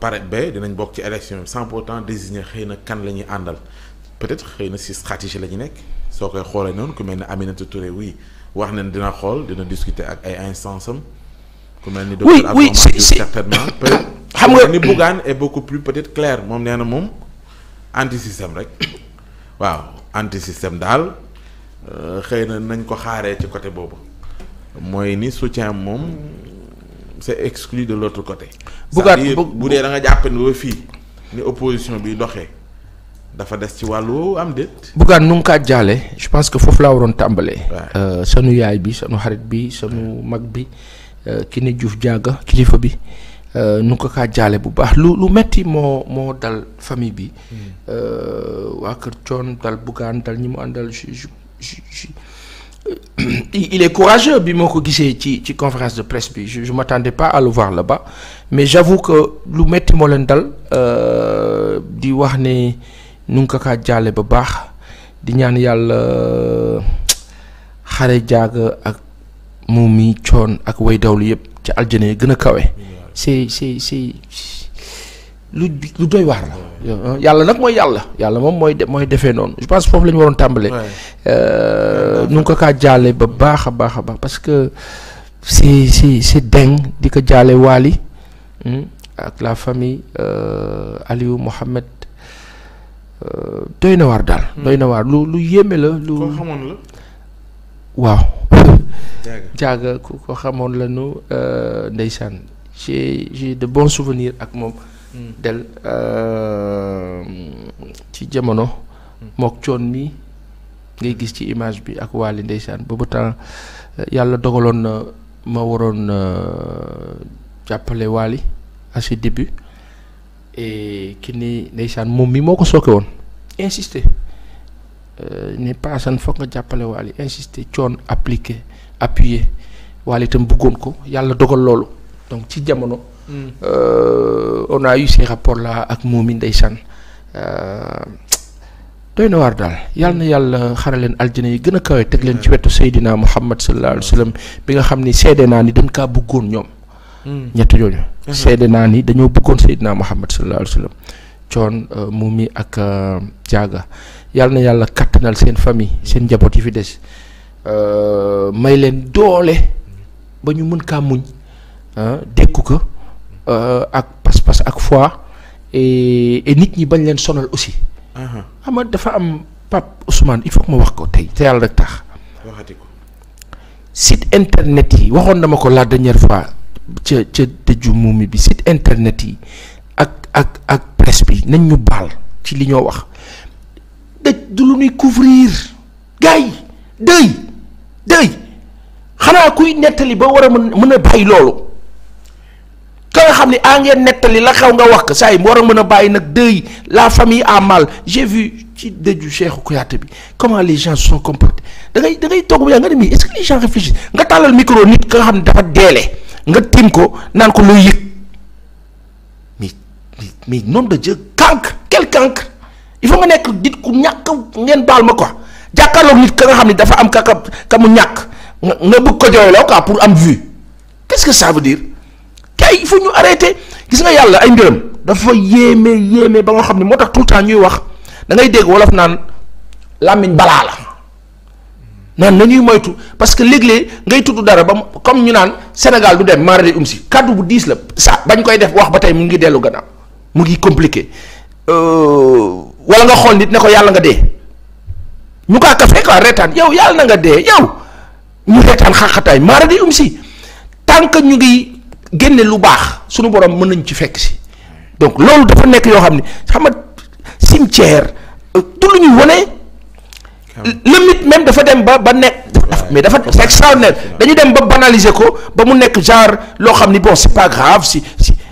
pare ba dinañ bokk ci élection sans pour autant désigner xëy na kan la ñuy àndal peut-être xëy na si stratégie la ñu nekk soo koy xoolee noonu ku mel ne Aminata Touré oui wax nañ dina xool dina discuter ak ay instance am. ku mel ni docteur Abdou certainement peut-être xam nga ni Bougane est beaucoup plus peut-être clair moom nee moom anti système rek waaw anti système daal euh, xëy na nañ ko xaaree ci côté boobu mooy ni soutien moom. c'est exclu de l'autre côté. bugaat bu dee da nga jàpp ne ba fii ni opposition bi doxee dafa des ci wàllu am déet. bugaat nu nga kaa jaale je pense que foofu laa waroon tàmbalee. sanu euh, yaay bi sanu xarit bi sanu mag bi euh, ki ne Diouf jaaga kilifa bi. Euh, nu ko kaa jaale bu baax lu lu metti moo moo dal famille bi hmm. waa kër coon dal buggaan dal ñi mu àndal ju ju il est courageux bi moo ko gisee ci ci conférence de presse bi je je m'attendais pas à le voir la bas mais j'avoue que lu metti moo leen dal euh, di wax ne nu nga kaa jaale ba baax di ñaan yàlla xare jaaga ak moom mi coon ak way dawlu yëpp ci aljana yi gën a kawe lu lu doy waar la. yàlla nag mooy yàlla. yàlla moom mooy mooy defee noonu je pense foofu la ñu waroon tàmbalee. Euh, nu ngi ko kaa jaale ba baax a baax a baax parce que si si c'est dingue di ko jaale waali hmm, ak la famille euh, Aliou Mohamed euh, doy na waar daal. Hmm. doy na waar lu lu yéeme la lu. koo la. waaw. jaaga ku ko xamoon la nu ndeysaan j'ai j'ai de bon souvenirs ak moom. Mm. del euh, ci jamono. Mm. mook coon mi ngay gis ci image bi ak Waly ndeysaan boobu temps euh, yàlla dogaloon na ma waroon euh, jàppale Waly à ses débuts ki ni ndeysaan moom mi moo ko sooke woon insister ne paasan foog nga jàppale Waly insister coon appliquer appuyer Waly itam bëggoon ko yàlla dogal loolu donc ci jamono. Euh, on a eu ces ak moom i ndeysaan euh, doy na waar daal na yàlla xaral leen aljana yi gën a kawe teg leen ci wetu seydinaa Muhammad sallallahu alayhi bi nga xam ni seede naa ni dañ kaa bëggoon ñoom. Mm. ñett ñooñu. Mm-hmm. seede naa ni dañoo bëggoon seydinaa Muhammad sallallahu alayhi wa sallam coon euh, Momy ak jaaga yal na yàlla kattanal seen famille seen njaboot yi fi des may leen doole ba ñu mën kaa muñ ah, dékku ko. Euh, ak pas-pas ak fois et nit ñi bañ leen sonal aussi. xam dafa am Pape Ousmane il faut que ma wax ko tey te yàlla rek tax. waxati internet yi waxoon na ma ko la dernière fois ca ca dëju muumi bi site internet yi ak ak ak presse bi nañ ñu baal ci li ñoo wax dëj du lu ñuy couvrir gars yi dëy dëy xanaa kuy nettali ba war a mën mën a bàyyi loolu. xam ne a ah nettali la xew nga wax ko saa yi mu war a bàyyi nag dëy la famille a mal ci dëju Cheikhou Kouyaté bi comment les gens se sont comportés da ngay da ngay toog bu nga ne est-ce que les xam ne dafa deele nga tiim ko naan ko looy yëg mais mais nom de Dieu cancre quel cancre il faut nga nekk nit ku ñàkk ngeen baal ma ko jàkkaarloog nit ka nga xam ne dafa am ka ka mu ñàkk nga bëgg ko jooyloo quoi pour am vue qu'est-ce que ça veut dire kay il ñu arrêter gis nga yàlla ay mbiram dafa yéeme yéeme ba nga xam ne moo tax tout le ñuy wax da ngay dégg wolof naan làmmiñ balaa la naan ñuy moytu parce que léeg ngay tudd dara ba comme ñu naan senegal du dem maarade um kàddu bu diis la sa bañ koy def wax ba tey mu ngi dellu gannaaw mu ngi compliqué euh, wala nga xool nit ne ko yàlla nga dee ñu kaa kafe quoi reetaan yow yàlla na nga dee yow ñu reetaan xaaxataay maarade um si ñu ngi. génne lu baax suñu borom mën nañ ci fekk si donc loolu dafa nekk yoo xam ne xam nga cimetière euh, du lu ñuy wane le mythe même dafa dem ba ba nekk mais dafa c'est extraordinaire dañu dem ba banaliser ko ba mu nekk genre loo xam ni boo c'est pas grave si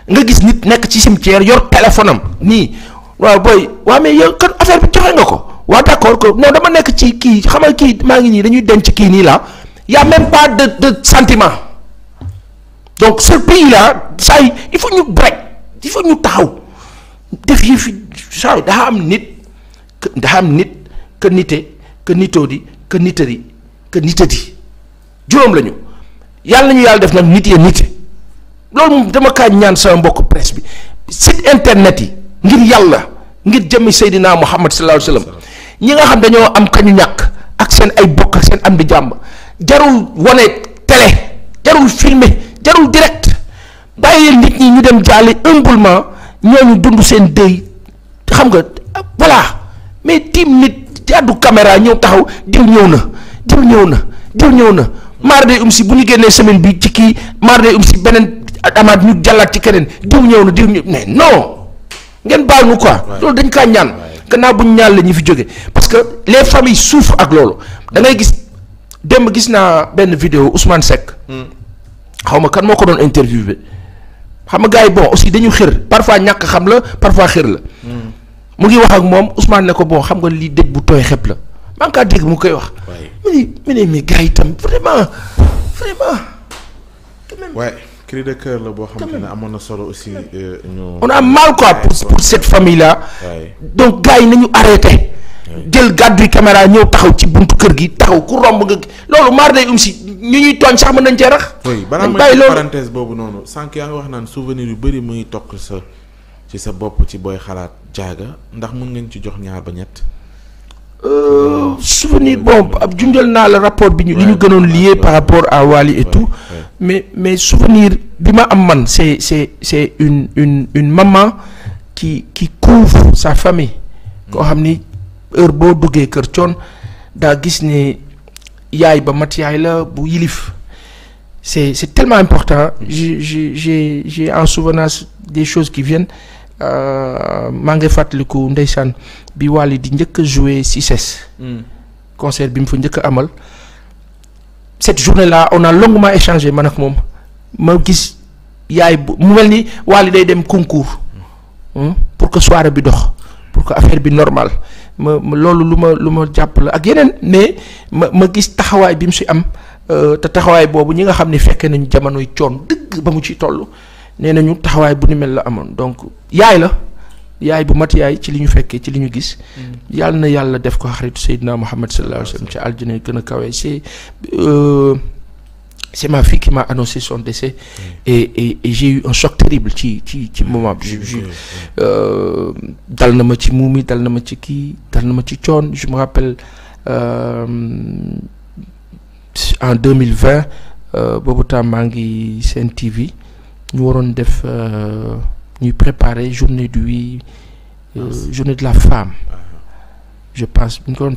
nga gis nit nekk ci cimetière yor téléphone am nii waaw booy waaw mais yow kon affaire bi joxe nga ko waaw d'accord que non dama nekk ci kii xamal nga kii maa ngi nii dañuy dem ci kii nii la y a pas de de sentiment donc ce pays là saa yi il faut ñu break il faut ñu taxaw def yi fi saa yi daa am nit que am nit que nite que nitoo di que nitari que nitadi juróom lañu yàlla ñu yàlla def nag nit ya nite loolu moom dama kaa ñaan sama mbokk presse bi site internet yi ngir yàlla ngir jëmmi Seydina Muhammad sallallahu alayhi wasallam ñi nga xam dañoo am kañu ñàkk ak seen ay bokk ak seen am di jàmb jarul wane télé jarul filmer jarul direct bàyyi nit ñi ñu dem jàlli humblement ñooñu dund seen dëy xam nga voilà mais tiim nit jàddu caméra ñëw taxaw diw ñëw na diw ñëw na diw ñëw na maar um si bu ñu génnee semaine bi ci kii maar day um si beneen amaat ñu ci keneen diw ñëw na diw ñëw ngeen baal ñu quoi loolu dañ kaa ñaan gannaaw bu ñu ñaan la ñu fi jóge parce que les familles souffrent ak loolu dangay gis dem gis naa benn vidéo Ousmane Seck hmm. xaw ma kan moo ko doon interviewé xam nga gars yi bon aussi dañu xër parfois ñàkk xam la parfois xër la. Hmm. mu ngi wax ak moom Ousmane ne ko bon xam nga lii dëj bu tooy xepp la maa ngi kaa dégg mu koy wax. waay mu ne mais gars yi tam la boo xam ne amoon na solo aussi. Euh, on a mal quoi pour cette famille là. donc gars yi nañu arrêté. jël gàddu caméra ñëw taxaw ci buntu kër gi taxaw ku romb nga loolu maar day um ñu ñuy tooñ sax mën nañ cee rax. dañ bàyyi loolu parenthèse boobu noonu sànq yaa nga wax naan souvenir yu bëri mu ngi toq sa ci sa bopp ci booy xalaat jaaga ndax mun ngeen ci jox ñaar ba ñett. Euh, souvenir bon ab junjal naa la rapport bi ñu li ñu gënoon lié par rapport à Wally et mais mais souvenir bi ma am man c'est c'est c'est une une une maman qui couvre sa famille. koo xam ni heure boo duggee kër coon daa gis ni yaay ba mat yaay la bu yilif c'est c'est tellement important mm. j'ai j'ai j'ai en souvenance des choses qui viennent euh, maa ngi fàttaliku ndeysaan bi Wally di njëkk a joué si ses bi mu fa njëkk amal cette journée là on a longuement échangé man ak moom ma gis yaay bu mu mel ni Wally day dem concours mm. hmm? pour que soirée bi dox pour que affaire bi normal ma loolu lu ma lu ma jàpp la ak yeneen mais ma ma gis taxawaay bi mu si am euh, te taxawaay boobu ñi nga xam ni fekkee nañu jamonoy coon dëgg ba mu ci toll nee nañu taxawaay bu ni mel la amoon donc yaay la yaay bu mat yaay ci li ñu fekkee ci li ñu gis. Mm. yàlla na yàlla def ko xaritu Seydina Muhammad sallallahu alayhi wa sallam ci aljana gën a kawe c'est ma fille qui m'a annoncé son décès mm. et et, et j'ai eu un choc terrible ci ci ci mm. moment bi ju euh, dal na ma ci muumi dal na ma ci kii dal na ma ci coon je me rappelle euh, en 2020 euh, boobu tam maa ngi seen TV ñu waroon def euh, ñuy préparer journée du ah, journée de la femme ah, ah. je pense bu ñu ko doon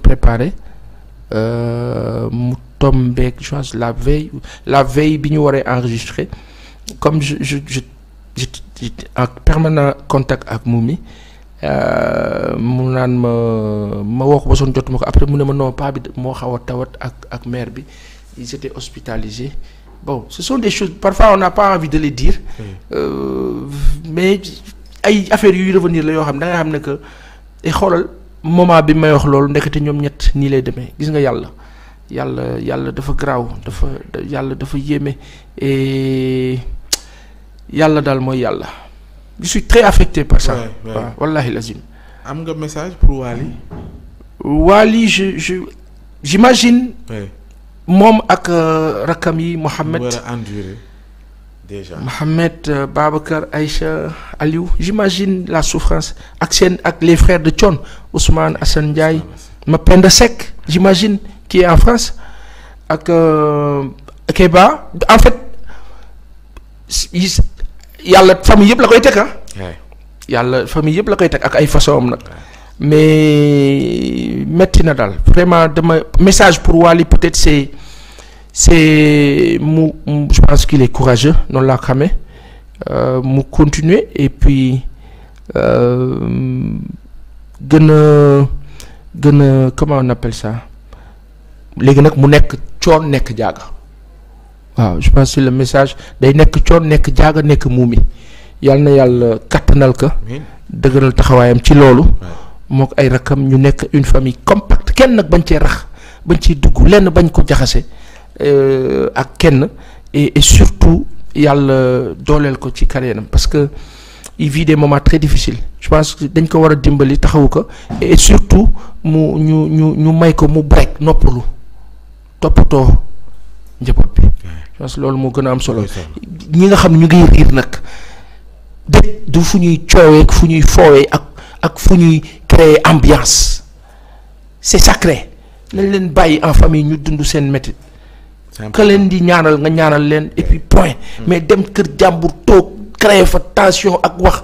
mu tombeek chance la veille la veille bi ñu waree enregistré comme je je je je en permanent contact ak Moumi euh, mu naan ma ma woo ko ba son jotuma ko après mu ne ma non pas bi moo xaw a tawat ak ak mère bi il étaient hospitalisés bon ce sont des choses parfois on n'a pas envie de les dire euh, mais ay affaires yuy revenir la yoo xam ne nga xam ne que eh, xoolal moment bi may wax loolu ndekete ñoom ñett nii lay demee gis nga yàlla yàlla yàlla dafa garaaw dafa yàlla dafa yéeme eh, yàlla daal mooy yàlla je suis très affecté par ça waaw wallahi lazim am nga message pour Wally Wally je je j'imagine moom ak euh, rakkam yi Mohamed déjà Mohamed euh, Babacar Aïcha Aliou j'imagine la souffrance ak seen ak les frères de Thione Ousmane Assane Ndiaye Mapenda Seck j'imagine ki en France ak euh, Keba en fait yàlla famille yëpp la koy teg ah. yëpp la koy teg ak ay façon am nag. mais métti na daal vraiment dama message pour Wally peut-être c'est c'est mu je pense qu'il est courageux noonu laa ko euh, mu continuer et puis euh, gën a gën a comment on appelle léegi nag mu nekk coon nekk jaaga waaw je pense ci le message day nekk coon nekk jaaga nekk muumi yàlla na yàlla kattanal ka dëgëral taxawaayam ci loolu moo ko ay rakkam ñu nekk une famille compacte kenn nag bañ cee rax bañ ciy dugg lenn bañ ko jaxase euh, ak kenn et surtout yàlla dooleel ko ci carrière am parce que il vit des très difficiles je pense que dañ ko war a dimbali taxawu ko et surtout mu ñu ñu ñu may ko mu break noppalu toppatoo njaboot bi. loolu moo gën a am solo. ñi nga xam ñu ngi riir nag du fu ñuy coowee fu ñuy foowee ak ak fu ñuy créer ambiance c'est sacré nañ leen bàyyi en famille ñu dund seen métit que leen di ñaanal nga ñaanal leen et point. Mm. mais dem kër jàmbur toog créer fa tension ak wax.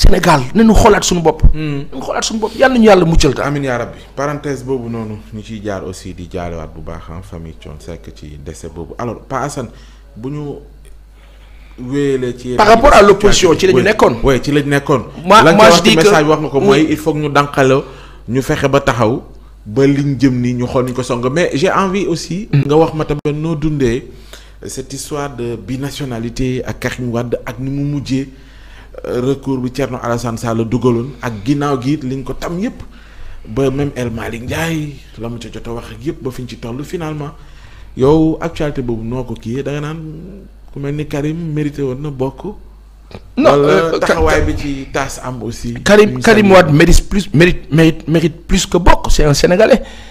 Sénégal nañu xoolaat suñu bopp. Hmm. nañu bopp yàlla nañu yàlla muccal ta amiin yaa rabbi parenthèse boobu noonu ñu ciy jaar aussi di jaalewaat bu baax ah famille Thione Seck ci décès boobu alors Pa Assane bu ñu wéyalee ci. par rapport à l'opposition ci la ñu nekkoon. oui ci lañu nekkoon. ma ma je wax nga ko mooy il faut ñu dànqaloo ñu fexe ba taxaw ba liñ jëm ni ñu xool ñu ko song mais j'ai envie aussi. Hmm. nga wax ma tamit noo dundee cette histoire de binationalité ak Karim Wade ak ni mu mujjee. recours bi Thierno Alassane la dugaloon ak ginnaaw gi it liñ ko tam yëpp ba même El Malick Ndiaye la mu ca jot a wax ak yëpp ba fi ñu ci toll finalement yow actualité boobu noo ko kii da nga naan ku mel ni Karim mérité woon na bokk. non wala euh, taxawaay bi ci taas am aussi. Karim Karim Wade mérite plus mérite mérite mérite plus que bokk c'est